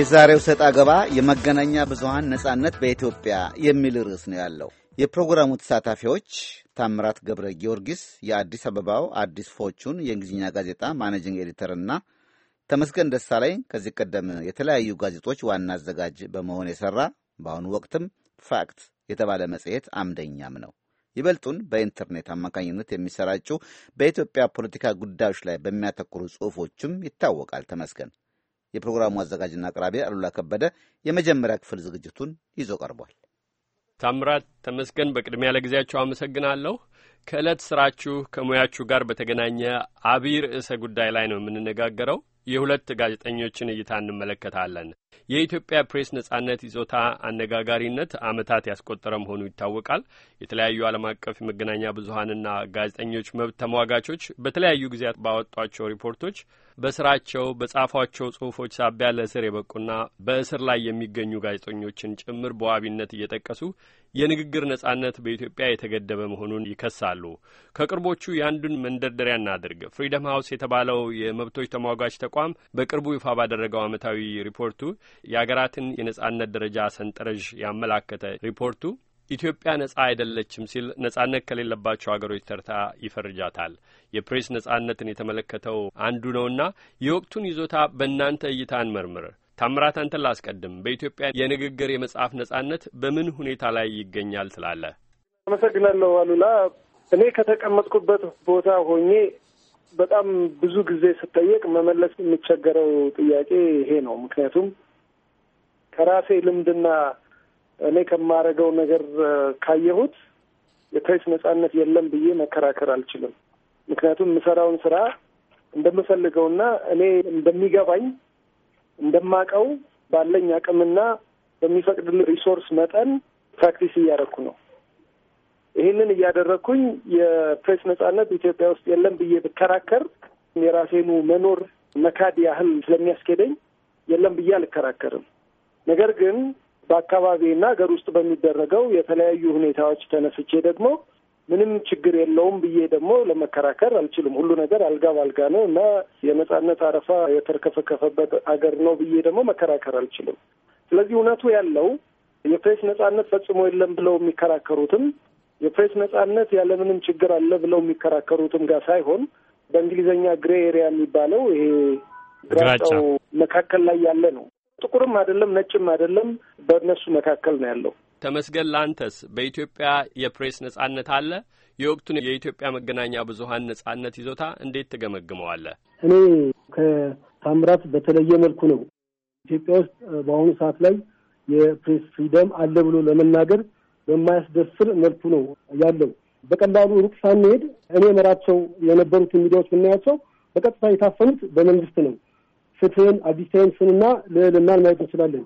የዛሬው ሰጥ አገባ የመገናኛ ብዙሃን ነጻነት በኢትዮጵያ የሚል ርዕስ ነው ያለው። የፕሮግራሙ ተሳታፊዎች ታምራት ገብረ ጊዮርጊስ የአዲስ አበባው አዲስ ፎቹን የእንግሊዝኛ ጋዜጣ ማኔጂንግ ኤዲተርና ተመስገን ላይ ከዚህ ቀደም የተለያዩ ጋዜጦች ዋና አዘጋጅ በመሆን የሠራ በአሁኑ ወቅትም ፋክት የተባለ መጽሔት አምደኛም ነው። ይበልጡን በኢንተርኔት አማካኝነት የሚሰራጩ በኢትዮጵያ ፖለቲካ ጉዳዮች ላይ በሚያተኩሩ ጽሑፎችም ይታወቃል ተመስገን። የፕሮግራሙ አዘጋጅና አቅራቢ አሉላ ከበደ የመጀመሪያ ክፍል ዝግጅቱን ይዞ ቀርቧል። ታምራት ተመስገን፣ በቅድሚያ ለጊዜያቸው አመሰግናለሁ። ከዕለት ስራችሁ ከሙያችሁ ጋር በተገናኘ አብይ ርዕሰ ጉዳይ ላይ ነው የምንነጋገረው። የሁለት ጋዜጠኞችን እይታ እንመለከታለን። የኢትዮጵያ ፕሬስ ነጻነት ይዞታ አነጋጋሪነት ዓመታት ያስቆጠረ መሆኑ ይታወቃል። የተለያዩ ዓለም አቀፍ የመገናኛ ብዙሀንና ጋዜጠኞች መብት ተሟጋቾች በተለያዩ ጊዜያት ባወጧቸው ሪፖርቶች በስራቸው በጻፏቸው ጽሁፎች ሳቢያ ለእስር የበቁና በእስር ላይ የሚገኙ ጋዜጠኞችን ጭምር በዋቢነት እየጠቀሱ የንግግር ነጻነት በኢትዮጵያ የተገደበ መሆኑን ይከሳሉ። ከቅርቦቹ የአንዱን መንደርደሪያ እናድርግ። ፍሪደም ሀውስ የተባለው የመብቶች ተሟጋች ተቋም በቅርቡ ይፋ ባደረገው ዓመታዊ ሪፖርቱ የአገራትን የነጻነት ደረጃ ሰንጠረዥ ያመላከተ ሪፖርቱ ኢትዮጵያ ነጻ አይደለችም ሲል ነጻነት ከሌለባቸው አገሮች ተርታ ይፈርጃታል። የፕሬስ ነጻነትን የተመለከተው አንዱ ነውና የወቅቱን ይዞታ በእናንተ እይታ እንመርምር። ታምራት አንተን ላስቀድም። በኢትዮጵያ የንግግር የመጽሐፍ ነጻነት በምን ሁኔታ ላይ ይገኛል ትላለ? አመሰግናለሁ አሉላ። እኔ ከተቀመጥኩበት ቦታ ሆኜ በጣም ብዙ ጊዜ ስጠየቅ መመለስ የሚቸገረው ጥያቄ ይሄ ነው። ምክንያቱም ከራሴ ልምድና እኔ ከማደርገው ነገር ካየሁት የፕሬስ ነጻነት የለም ብዬ መከራከር አልችልም። ምክንያቱም የምሰራውን ስራ እንደምፈልገውና እኔ እንደሚገባኝ እንደማቀው ባለኝ አቅምና በሚፈቅድ ሪሶርስ መጠን ፕራክቲስ እያደረኩ ነው። ይህንን እያደረግኩኝ የፕሬስ ነጻነት ኢትዮጵያ ውስጥ የለም ብዬ ብከራከር የራሴኑ መኖር መካድ ያህል ስለሚያስኬደኝ የለም ብዬ አልከራከርም። ነገር ግን በአካባቢና ሀገር ውስጥ በሚደረገው የተለያዩ ሁኔታዎች ተነስቼ ደግሞ ምንም ችግር የለውም ብዬ ደግሞ ለመከራከር አልችልም። ሁሉ ነገር አልጋ ባልጋ ነው እና የነጻነት አረፋ የተርከፈከፈበት አገር ነው ብዬ ደግሞ መከራከር አልችልም። ስለዚህ እውነቱ ያለው የፕሬስ ነጻነት ፈጽሞ የለም ብለው የሚከራከሩትም የፕሬስ ነጻነት ያለምንም ችግር አለ ብለው የሚከራከሩትም ጋር ሳይሆን በእንግሊዝኛ ግሬ ኤሪያ የሚባለው ይሄ ግራጫው መካከል ላይ ያለ ነው። ጥቁርም አይደለም ነጭም አይደለም፣ በእነሱ መካከል ነው ያለው። ተመስገን፣ ላንተስ በኢትዮጵያ የፕሬስ ነጻነት አለ? የወቅቱን የኢትዮጵያ መገናኛ ብዙኃን ነጻነት ይዞታ እንዴት ትገመግመዋለ እኔ ከታምራት በተለየ መልኩ ነው ኢትዮጵያ ውስጥ በአሁኑ ሰዓት ላይ የፕሬስ ፍሪደም አለ ብሎ ለመናገር በማያስደፍር መልኩ ነው ያለው። በቀላሉ ሩቅ ሳንሄድ እኔ መራቸው የነበሩትን ሚዲያዎች ብናያቸው በቀጥታ የታፈኑት በመንግስት ነው። ፍትህን፣ አዲስ ሳይንስንና ልዕልናን ማየት እንችላለን።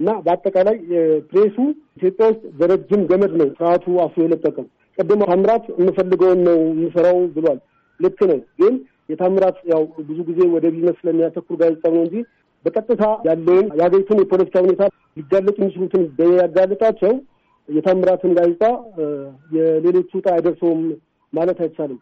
እና በአጠቃላይ ፕሬሱ ኢትዮጵያ ውስጥ በረጅም ገመድ ነው ስርዓቱ አስሮ የለቀቀው። ቅድም ታምራት የምፈልገውን ነው የምሰራው ብሏል። ልክ ነው። ግን የታምራት ያው ብዙ ጊዜ ወደ ቢዝነስ ስለሚያተኩር ጋዜጣ ነው እንጂ በቀጥታ ያለውን የሀገሪቱን የፖለቲካ ሁኔታ ሊጋለጡ የሚችሉትን ያጋለጣቸው የታምራትን ጋዜጣ የሌሎቹ ዕጣ አይደርሰውም ማለት አይቻልም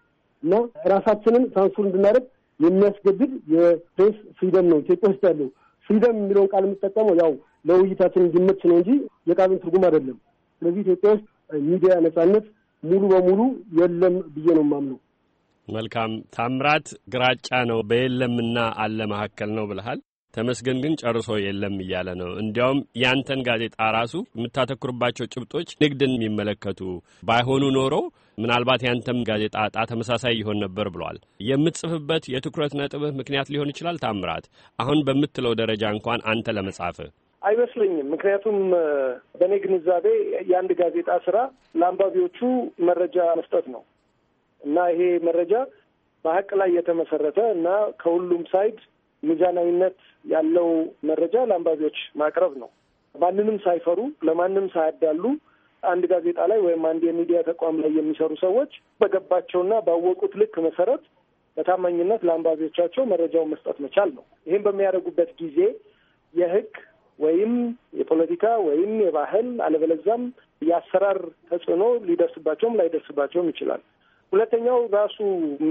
እና ራሳችንን ሳንሱር እንድናደርግ የሚያስገድድ የፕሬስ ፍሪደም ነው ኢትዮጵያ ውስጥ ያለው። ፍሪደም የሚለውን ቃል የምጠቀመው ያው ለውይይታችን እንዲመች ነው እንጂ የቃሉን ትርጉም አይደለም። ስለዚህ ኢትዮጵያ ውስጥ ሚዲያ ነጻነት ሙሉ በሙሉ የለም ብዬ ነው የማምነው። መልካም ታምራት ግራጫ ነው በየለምና አለ መካከል ነው ብለሃል። ተመስገን ግን ጨርሶ የለም እያለ ነው። እንዲያውም ያንተን ጋዜጣ ራሱ የምታተኩርባቸው ጭብጦች ንግድን የሚመለከቱ ባይሆኑ ኖሮ ምናልባት ያንተም ጋዜጣ እጣ ተመሳሳይ ይሆን ነበር ብሏል። የምትጽፍበት የትኩረት ነጥብህ ምክንያት ሊሆን ይችላል። ታምራት፣ አሁን በምትለው ደረጃ እንኳን አንተ ለመጻፍህ አይመስለኝም። ምክንያቱም በእኔ ግንዛቤ የአንድ ጋዜጣ ስራ ለአንባቢዎቹ መረጃ መስጠት ነው እና ይሄ መረጃ በሀቅ ላይ የተመሰረተ እና ከሁሉም ሳይድ ሚዛናዊነት ያለው መረጃ ለአንባቢዎች ማቅረብ ነው። ማንንም ሳይፈሩ ለማንም ሳያዳሉ አንድ ጋዜጣ ላይ ወይም አንድ የሚዲያ ተቋም ላይ የሚሰሩ ሰዎች በገባቸውና ባወቁት ልክ መሰረት በታማኝነት ለአንባቢዎቻቸው መረጃውን መስጠት መቻል ነው። ይህም በሚያደርጉበት ጊዜ የህግ ወይም የፖለቲካ ወይም የባህል አለበለዛም የአሰራር ተጽዕኖ ሊደርስባቸውም ላይደርስባቸውም ይችላል። ሁለተኛው ራሱ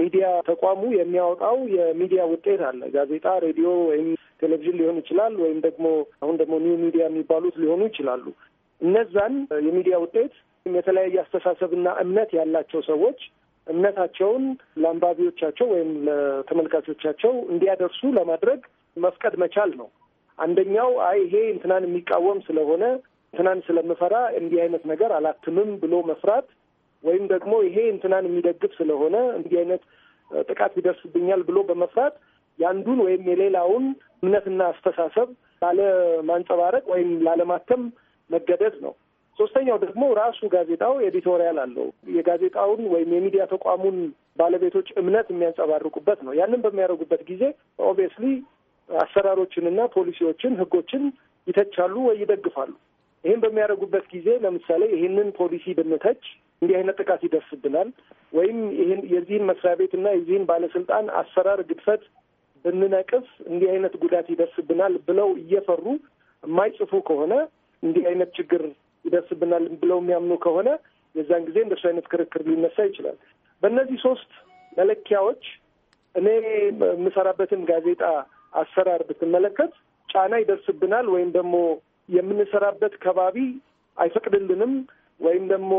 ሚዲያ ተቋሙ የሚያወጣው የሚዲያ ውጤት አለ። ጋዜጣ፣ ሬዲዮ ወይም ቴሌቪዥን ሊሆን ይችላል። ወይም ደግሞ አሁን ደግሞ ኒው ሚዲያ የሚባሉት ሊሆኑ ይችላሉ። እነዛን የሚዲያ ውጤት የተለያየ አስተሳሰብና እምነት ያላቸው ሰዎች እምነታቸውን ለአንባቢዎቻቸው ወይም ለተመልካቾቻቸው እንዲያደርሱ ለማድረግ መፍቀድ መቻል ነው። አንደኛው አይ ይሄ እንትናን የሚቃወም ስለሆነ እንትናን ስለምፈራ እንዲህ አይነት ነገር አላትምም ብሎ መፍራት ወይም ደግሞ ይሄ እንትናን የሚደግፍ ስለሆነ እንዲህ አይነት ጥቃት ይደርስብኛል ብሎ በመፍራት የአንዱን ወይም የሌላውን እምነትና አስተሳሰብ ላለማንጸባረቅ ወይም ላለማተም መገደድ ነው። ሶስተኛው ደግሞ ራሱ ጋዜጣው ኤዲቶሪያል አለው። የጋዜጣውን ወይም የሚዲያ ተቋሙን ባለቤቶች እምነት የሚያንጸባርቁበት ነው። ያንን በሚያደርጉበት ጊዜ ኦብቪየስሊ አሰራሮችንና ፖሊሲዎችን፣ ህጎችን ይተቻሉ ወይ ይደግፋሉ። ይህን በሚያደርጉበት ጊዜ ለምሳሌ ይህንን ፖሊሲ ብንተች እንዲህ አይነት ጥቃት ይደርስብናል ወይም ይህን የዚህን መስሪያ ቤት እና የዚህን ባለስልጣን አሰራር ግድፈት ብንነቅፍ እንዲህ አይነት ጉዳት ይደርስብናል ብለው እየፈሩ የማይጽፉ ከሆነ እንዲህ አይነት ችግር ይደርስብናል ብለው የሚያምኑ ከሆነ የዛን ጊዜ እንደሱ አይነት ክርክር ሊነሳ ይችላል። በእነዚህ ሶስት መለኪያዎች እኔ የምሰራበትን ጋዜጣ አሰራር ብትመለከት ጫና ይደርስብናል ወይም ደግሞ የምንሰራበት ከባቢ አይፈቅድልንም ወይም ደግሞ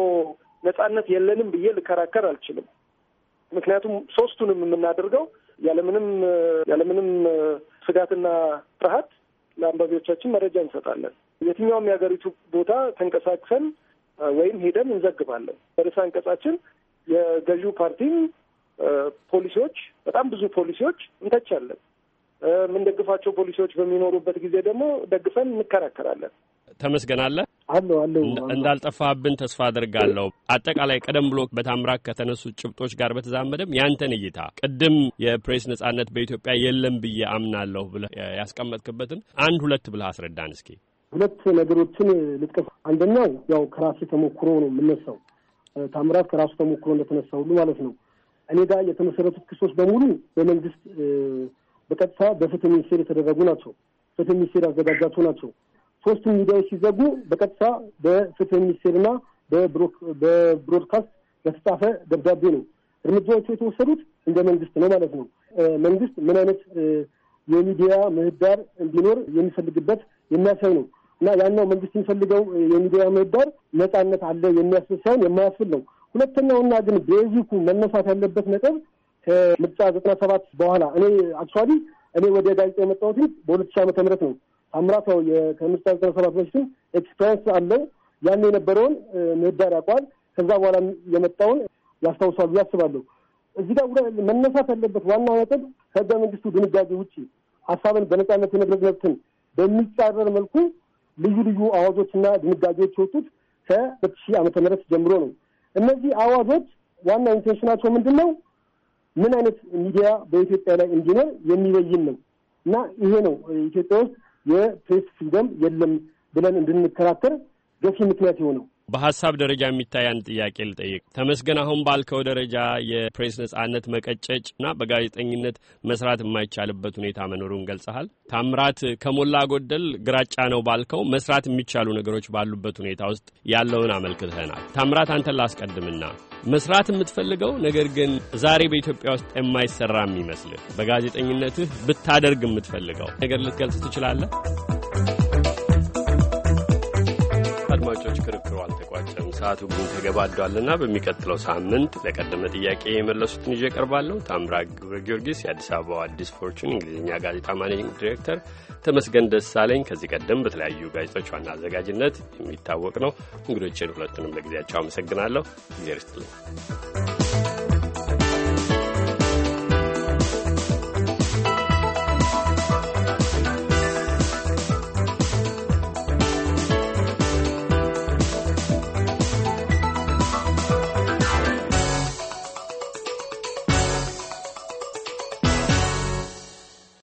ነጻነት የለንም ብዬ ልከራከር አልችልም። ምክንያቱም ሶስቱንም የምናደርገው ያለምንም ያለምንም ስጋትና ፍርሃት ለአንባቢዎቻችን መረጃ እንሰጣለን። የትኛውም የሀገሪቱ ቦታ ተንቀሳቅሰን ወይም ሄደን እንዘግባለን። በርዕሰ አንቀጻችን የገዢው ፓርቲም ፖሊሲዎች በጣም ብዙ ፖሊሲዎች እንተቻለን። የምንደግፋቸው ፖሊሲዎች በሚኖሩበት ጊዜ ደግሞ ደግፈን እንከራከራለን። ተመስገናለህ። አለሁ አለሁ እንዳልጠፋብን ተስፋ አድርጋለሁ። አጠቃላይ ቀደም ብሎ በታምራት ከተነሱ ጭብጦች ጋር በተዛመደም ያንተን እይታ ቅድም የፕሬስ ነጻነት በኢትዮጵያ የለም ብዬ አምናለሁ ብለህ ያስቀመጥክበትን አንድ ሁለት ብለህ አስረዳን እስኪ። ሁለት ነገሮችን ልጥቀስ። አንደኛው ያው ከራሴ ተሞክሮ ነው የምነሳው። ታምራት ከራሱ ተሞክሮ እንደተነሳ ሁሉ ማለት ነው። እኔ ጋር የተመሰረቱት ክሶች በሙሉ በመንግስት በቀጥታ በፍትህ ሚኒስቴር የተደረጉ ናቸው። ፍትህ ሚኒስቴር ያዘጋጃቸው ናቸው። ሶስቱም ሚዲያዎች ሲዘጉ በቀጥታ በፍትህ ሚኒስቴርና በብሮድካስት በተጻፈ ደብዳቤ ነው እርምጃዎቹ የተወሰዱት እንደ መንግስት ነው ማለት ነው። መንግስት ምን አይነት የሚዲያ ምህዳር እንዲኖር የሚፈልግበት የሚያሳይ ነው እና ያኛው መንግስት የሚፈልገው የሚዲያ ምህዳር ነፃነት አለ የሚያስብ ሳይሆን የማያስብል ነው። ሁለተኛውና ግን ቤዚኩ መነሳት ያለበት ነጥብ ከምርጫ ዘጠና ሰባት በኋላ እኔ አክቹዋሊ እኔ ወደ ጋዜጣ የመጣሁት በሁለት ሺህ ዓመተ ምህረት ነው አምራታው ከምርጫ ዘጠና ሰባት በፊትም ኤክስፔሪንስ አለው። ያን የነበረውን ምህዳር ያውቋል። ከዛ በኋላ የመጣውን ያስታውሳሉ ያስባለሁ። እዚህ ጋር መነሳት ያለበት ዋና ነጥብ ከህገ መንግስቱ ድንጋጌ ውጭ ሀሳብን በነጻነት የመግለጽ መብትን በሚጻረር መልኩ ልዩ ልዩ አዋጆችና ድንጋጌዎች የወጡት ከሁለት ሺህ ዓመተ ምህረት ጀምሮ ነው። እነዚህ አዋጆች ዋና ኢንቴንሽናቸው ምንድን ነው? ምን አይነት ሚዲያ በኢትዮጵያ ላይ እንዲኖር የሚበይን ነው እና ይሄ ነው ኢትዮጵያ ውስጥ የፕሬስ ፍሪደም የለም ብለን እንድንከራከር ገፊ ምክንያት የሆነው በሀሳብ ደረጃ የሚታይ አንድ ጥያቄ ልጠይቅ። ተመስገን፣ አሁን ባልከው ደረጃ የፕሬስ ነጻነት መቀጨጭ እና በጋዜጠኝነት መስራት የማይቻልበት ሁኔታ መኖሩን ገልጸሃል። ታምራት፣ ከሞላ ጎደል ግራጫ ነው ባልከው መስራት የሚቻሉ ነገሮች ባሉበት ሁኔታ ውስጥ ያለውን አመልክተናል። ታምራት፣ አንተን ላስቀድምና መስራት የምትፈልገው ነገር ግን ዛሬ በኢትዮጵያ ውስጥ የማይሰራ የሚመስልህ በጋዜጠኝነትህ ብታደርግ የምትፈልገው ነገር ልትገልጽ ትችላለህ? ሰዓቱ ግን ተገባዷልና በሚቀጥለው ሳምንት ለቀደመ ጥያቄ የመለሱትን ይዤ ቀርባለሁ። ታምራ ግብረ ጊዮርጊስ የአዲስ አበባው አዲስ ፎርቹን እንግሊዝኛ ጋዜጣ ማኔጅንግ ዲሬክተር፣ ተመስገን ደሳለኝ ከዚህ ቀደም በተለያዩ ጋዜጦች ዋና አዘጋጅነት የሚታወቅ ነው። እንግዶችን ሁለቱንም ለጊዜያቸው አመሰግናለሁ። ጊዜ